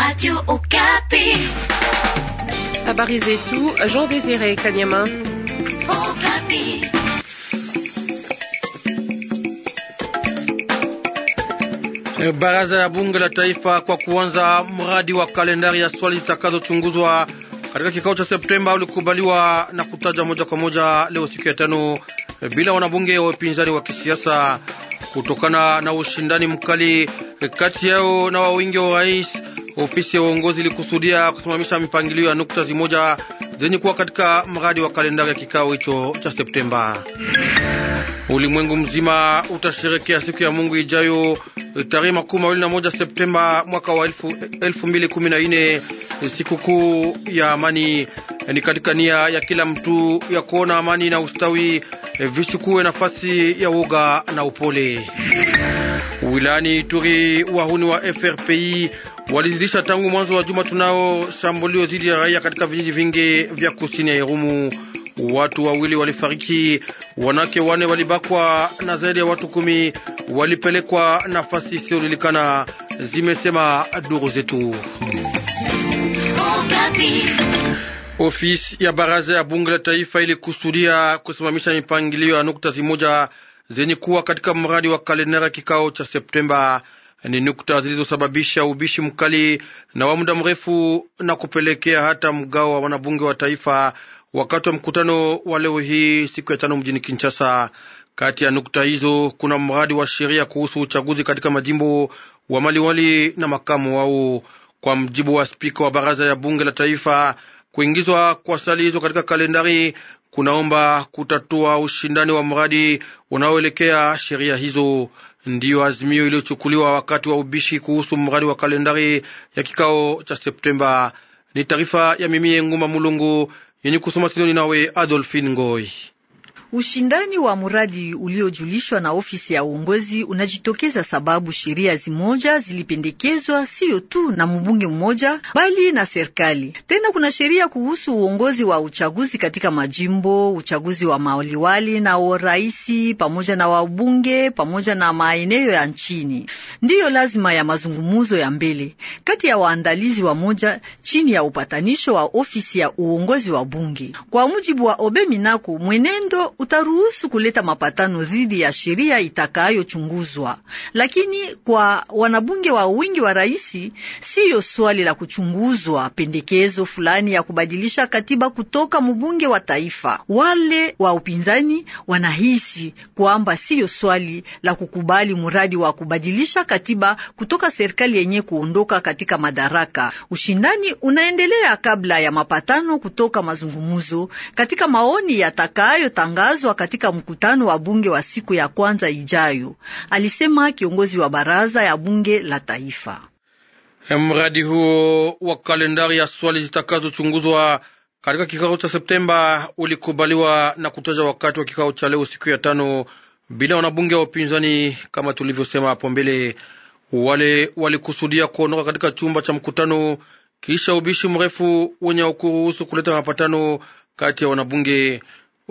Radio Okapi. Habari zetu, Jean Désiré Kanyama. Okapi. E, Baraza ya bunge la taifa kwa kuanza mradi wa kalendari ya swali zitakazochunguzwa katika kikao cha Septemba ulikubaliwa na kutaja moja kwa moja leo siku ya tano e, bila wanabunge wa upinzani wa kisiasa kutokana na ushindani mkali e, kati yao na wawingi wa rais. Ofisi ya uongozi ilikusudia kusimamisha mipangilio ya nukta zimoja zenye kuwa katika mradi wa kalendari ya kikao hicho cha Septemba. Ulimwengu mzima utasherekea siku ya Mungu ijayo tarehe makumi mawili na moja Septemba mwaka wa elfu, elfu mbili kumi na nne. Sikukuu ya amani ni katika nia ya kila mtu ya kuona amani na ustawi eh, vichukue nafasi ya woga na upole. Wilayani Ituri, wahuni wa FRPI walizidisha tangu mwanzo wa juma tunao shambulio dhidi ya raia katika vijiji vingi vya kusini ya Irumu. Watu wawili walifariki, wanawake wane walibakwa na zaidi ya watu kumi walipelekwa nafasi isiyojulikana, zimesema duru zetu. Ofisi ya baraza ya bunge la taifa ilikusudia kusimamisha mipangilio ya nukta zimoja zenye kuwa katika mradi wa kalendari kikao cha Septemba ni nukta zilizosababisha ubishi mkali na wa muda mrefu na kupelekea hata mgao wa wanabunge wa taifa wakati wa mkutano wa leo hii siku ya tano mjini Kinshasa. Kati ya nukta hizo kuna mradi wa sheria kuhusu uchaguzi katika majimbo wa maliwali na makamu wao. Kwa mjibu wa spika wa baraza ya bunge la taifa, kuingizwa kwa sali hizo katika kalendari kunaomba kutatua ushindani wa mradi unaoelekea sheria hizo ndiyo azimio iliyochukuliwa wakati wa ubishi kuhusu mradi wa kalendari ya kikao cha Septemba. Ni taarifa ya mimie Nguma Mulungu yenye kusoma sinoni nawe Adolfin Ngoi. Ushindani wa mradi uliojulishwa na ofisi ya uongozi unajitokeza sababu sheria zimoja zilipendekezwa siyo tu na mbunge mmoja bali na serikali. Tena kuna sheria kuhusu uongozi wa uchaguzi katika majimbo, uchaguzi wa mawaliwali na uraisi pamoja na wabunge pamoja na maeneo ya nchini, ndiyo lazima ya mazungumuzo ya mbele kati ya waandalizi wa moja chini ya upatanisho wa ofisi ya uongozi wa bunge. Kwa mujibu wa Obe Minaku, mwenendo utaruhusu kuleta mapatano dhidi ya sheria itakayochunguzwa. Lakini kwa wanabunge wa wingi wa raisi, siyo swali la kuchunguzwa pendekezo fulani ya kubadilisha katiba kutoka mbunge wa taifa. Wale wa upinzani wanahisi kwamba siyo swali la kukubali muradi wa kubadilisha katiba kutoka serikali yenye kuondoka katika madaraka. Ushindani unaendelea kabla ya mapatano kutoka mazungumuzo katika maoni yatakayotangaza kutangazwa katika mkutano wa bunge wa siku ya kwanza ijayo, alisema kiongozi wa baraza ya bunge la taifa. E, mradi huo wa kalendari ya swali zitakazochunguzwa katika kikao cha Septemba ulikubaliwa na kutaja wakati wa kikao cha leo siku ya tano bila wanabunge wa upinzani. Kama tulivyosema hapo mbele, wale walikusudia kuondoka katika chumba cha mkutano kisha ubishi mrefu wenye ukuruhusu kuleta mapatano kati ya wanabunge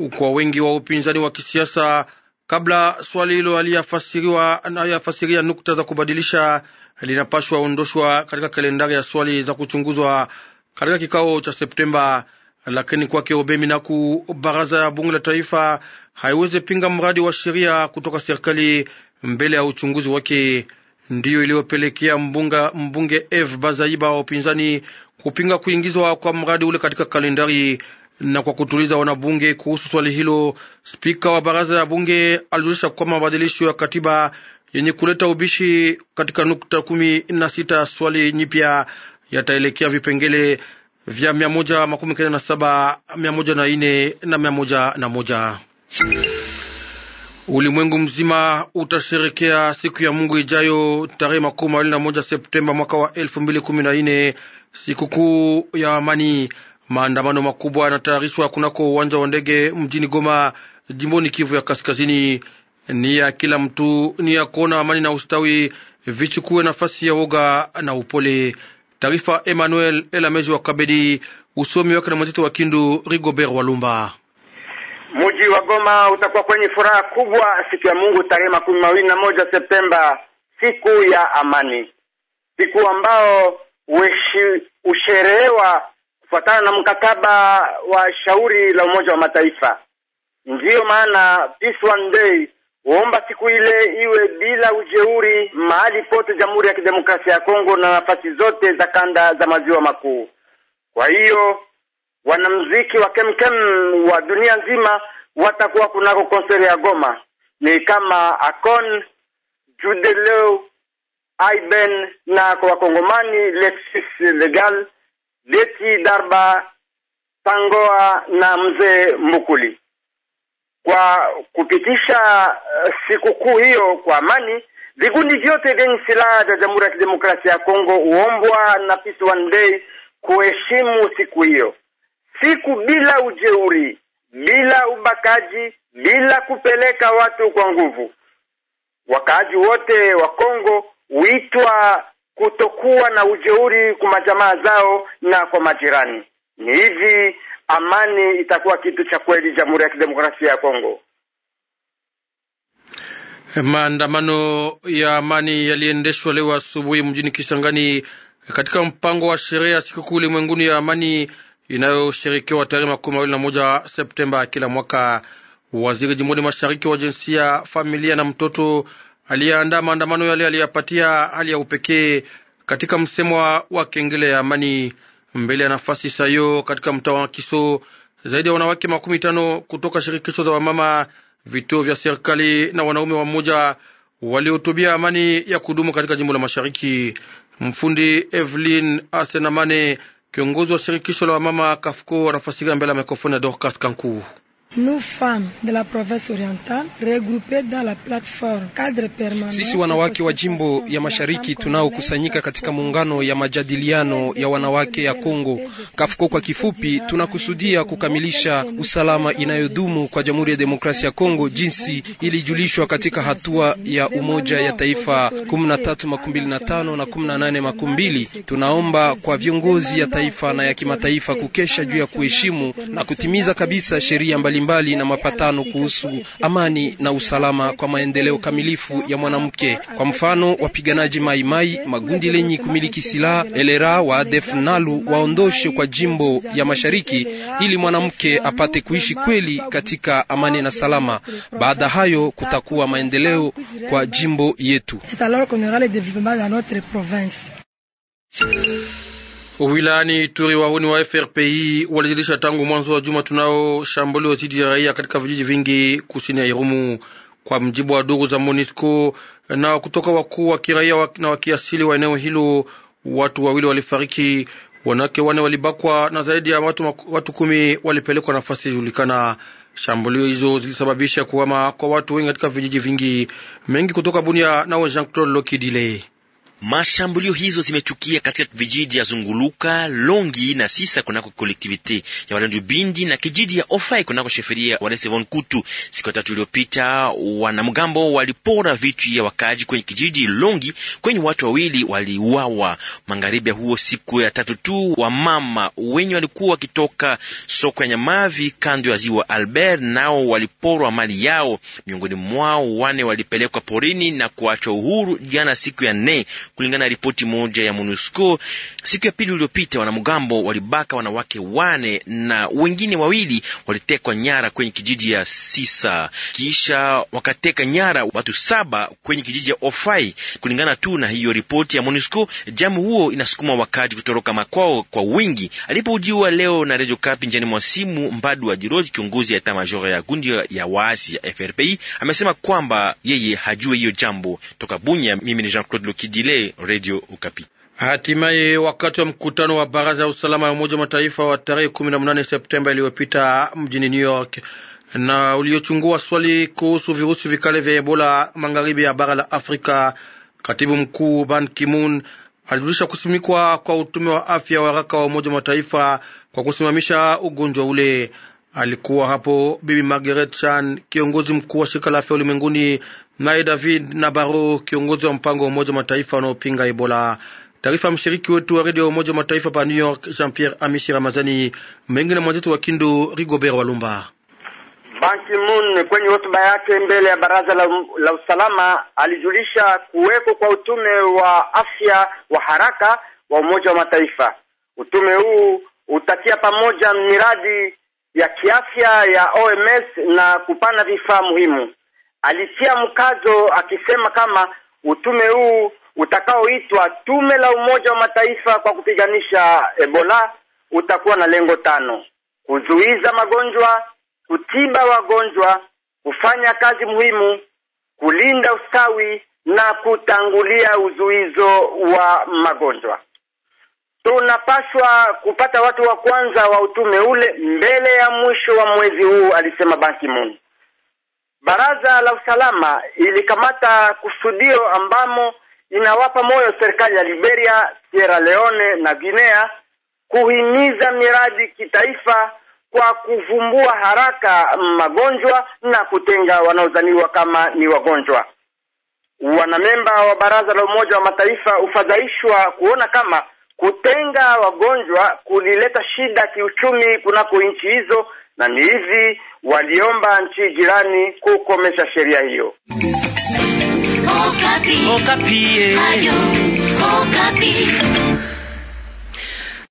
kwa wengi wa upinzani wa kisiasa, kabla swali hilo aliyafasiriwa aliyafasiria nukta za kubadilisha linapashwa ondoshwa katika kalendari ya swali za kuchunguzwa katika kikao cha Septemba. Lakini kwake Obemi Naku, baraza ya bunge la taifa haiwezi pinga mradi wa sheria kutoka serikali mbele ya uchunguzi wake. Ndiyo iliyopelekea mbunga mbunge Eve Bazaiba wa upinzani kupinga kuingizwa kwa mradi ule katika kalendari na kwa kutuliza wanabunge kuhusu swali hilo, spika wa baraza ya bunge alijulisha kwamba mabadilisho ya katiba yenye kuleta ubishi katika nukta kumi na sita swali nyipya yataelekea vipengele vya mia moja makumi kenda na saba mia moja na ine na mia moja na moja. Ulimwengu mzima utasherekea siku ya Mungu ijayo tarehe makumi mawili na moja Septemba mwaka wa elfu mbili kumi na ine sikukuu ya amani. Maandamano makubwa yanatayarishwa kunako uwanja wa ndege mjini Goma, jimboni Kivu ya Kaskazini. Ni ya kila mtu ni ya kuona amani na ustawi vichukue nafasi ya woga na upole. Taarifa Emmanuel Elamezi wa Kabedi, usomi wake na mwenzetu wa Kindu Rigobert Walumba. Mji wa Goma utakuwa kwenye furaha kubwa siku ya Mungu tarehe makumi mawili na moja Septemba, siku ya amani, siku ambao ushereewa kufuatana na mkataba wa shauri la Umoja wa Mataifa. Ndiyo maana Peace One Day huomba siku ile iwe bila ujeuri mahali pote Jamhuri ya Kidemokrasia ya Kongo na nafasi zote za kanda za maziwa makuu. Kwa hiyo wanamziki wa kemkem wa dunia nzima watakuwa kunako konseri ya Goma ni kama Akon Judeleu Iben na kwa Wakongomani Lexis Legal Leti Darba Tangoa na mzee Mbukuli kwa kupitisha eh, sikukuu hiyo kwa amani. Vikundi vyote vyenye silaha vya Jamhuri ya Kidemokrasia ya Kongo huombwa na Peace One Day kuheshimu siku hiyo, siku bila ujeuri, bila ubakaji, bila kupeleka watu kwa nguvu. Wakaaji wote wa Kongo huitwa kutokuwa na ujeuri kwa majamaa zao na kwa majirani. Ni hivi amani itakuwa kitu cha kweli Jamhuri ya Kidemokrasia ya Kongo. Maandamano ya amani yaliendeshwa leo asubuhi mjini Kisangani katika mpango wa sherehe ya sikukuu ulimwenguni ya amani inayoshirikiwa tarehe makumi mawili na moja Septemba kila mwaka. Waziri jimboni mashariki wa jinsia, familia na mtoto aliyeandaa maandamano yale aliyapatia hali ya upekee katika msemo wa kengele ya amani mbele ya nafasi sayo katika mtaa wa Kiso. Zaidi ya wanawake makumi tano kutoka shirikisho za wamama, vituo vya serikali na wanaume wa mmoja walihutubia amani ya kudumu katika jimbo la Mashariki. Mfundi Evelyn Asenamane, kiongozi wa shirikisho la wamama Kafko, anafasiria mbele ya mikrofoni ya Dorcas Kanku. Nous, femmes de la province orientale, regroupées dans la plateforme cadre permanent. Sisi wanawake wa jimbo ya mashariki tunaokusanyika katika muungano ya majadiliano ya wanawake ya Kongo Kafuko kwa kifupi, tunakusudia kukamilisha usalama inayodumu kwa Jamhuri ya Demokrasia ya Kongo jinsi ilijulishwa katika hatua ya Umoja ya Taifa 1325 na 1820. Tunaomba kwa viongozi ya taifa na ya kimataifa kukesha juu ya kuheshimu na kutimiza kabisa sheria mbali mbalimbali na mapatano kuhusu amani na usalama kwa maendeleo kamilifu ya mwanamke. Kwa mfano, wapiganaji Maimai, magundi lenye kumiliki silaha Elera wa ADF Nalu waondoshe kwa jimbo ya mashariki ili mwanamke apate kuishi kweli katika amani na salama. Baada hayo kutakuwa maendeleo kwa jimbo yetu. Wilayani turi wahuni wa FRPI walijilisha tangu mwanzo wa juma tunao shambulio dhidi ya raia katika vijiji vingi kusini ya Irumu, kwa mjibu wa duru za MONUSCO na kutoka wakuu wa kiraia na wakiasili wa eneo hilo. Watu wawili walifariki, wanawake wane walibakwa na zaidi ya watu, watu kumi walipelekwa nafasi ijulikana. Shambulio hizo zilisababisha kuhama kwa watu wengi katika vijiji vingi mengi. Kutoka Bunia, nawe Jean Claude Lokidile. Mashambulio hizo zimetukia katika vijiji ya Zunguluka, Longi na Sisa kunako kolektivite ya Walendu Bindi na kijiji ya Ofai kunako sheferia Walesevon Kutu. Siku tatu iliyopita, wanamgambo walipora vitu ya wakaaji kwenye kijiji Longi, kwenye watu wawili waliuawa. Magharibi ya huo siku ya tatu tu, wa mama wenye walikuwa wakitoka soko ya Nyamavi kando ya ziwa Albert, nao waliporwa mali yao. Miongoni mwao wane walipelekwa porini na kuachwa uhuru jana siku ya nne Kulingana na ripoti moja ya MONUSCO, siku ya pili iliyopita, wanamgambo walibaka wanawake wane na wengine wawili walitekwa nyara kwenye kijiji ya Sisa, kisha wakateka nyara watu saba kwenye kijiji ya Ofai. Kulingana tu na hiyo ripoti ya MONUSCO, jamu huo inasukuma wakaji kutoroka makwao kwa wingi. Alipojiwa leo na Radio Kapi njani mwa simu, Mbadu wa Jiroji, kiongozi ya etamajoro ya gundi ya waasi ya FRPI, amesema kwamba yeye hajue hiyo jambo toka Bunya. Mimi ni Jean Claude Lokidile. Radio Ukapi. Hatimaye, wakati wa mkutano wa baraza ya usalama ya Umoja Mataifa wa tarehe 18 Septemba iliyopita mjini New York na uliochungua swali kuhusu virusi vikali vya Ebola magharibi ya bara la Afrika, katibu mkuu Ban Ki-moon alijulisha kusimikwa kwa utume wa afya wa haraka wa Umoja Mataifa kwa kusimamisha ugonjwa ule. Alikuwa hapo Bibi Margaret Chan, kiongozi mkuu wa shirika la afya ulimwenguni, naye David Nabaro, kiongozi wa mpango wa Umoja Mataifa unaopinga Ebola. Taarifa mshiriki wetu wa redio ya Umoja Mataifa pa New York, Jean Pierre Amishi Ramazani mengi na mwenzetu wa Kindu, Rigobert Walumba. Ban Ki-moon kwenye hotuba yake mbele ya baraza la, la usalama alijulisha kuweko kwa utume wa afya wa haraka wa Umoja wa Mataifa. Utume huu utatia pamoja miradi ya kiafya ya OMS na kupana vifaa muhimu. Alitia mkazo akisema kama utume huu utakaoitwa Tume la Umoja wa Mataifa kwa kupiganisha Ebola utakuwa na lengo tano: kuzuiza magonjwa, kutiba wagonjwa, kufanya kazi muhimu, kulinda ustawi na kutangulia uzuizo wa magonjwa tunapaswa kupata watu wa kwanza wa utume ule mbele ya mwisho wa mwezi huu, alisema Ban Ki-moon. Baraza la usalama ilikamata kusudio ambamo inawapa moyo serikali ya Liberia, Sierra Leone na Guinea kuhimiza miradi kitaifa kwa kuvumbua haraka magonjwa na kutenga wanaodhaniwa kama ni wagonjwa. Wanamemba wa Baraza la Umoja wa Mataifa ufadhaishwa kuona kama Kutenga wagonjwa kulileta shida kiuchumi kunako nchi hizo, na ni hivi waliomba nchi jirani kukomesha sheria hiyo. Okapi. Okapi.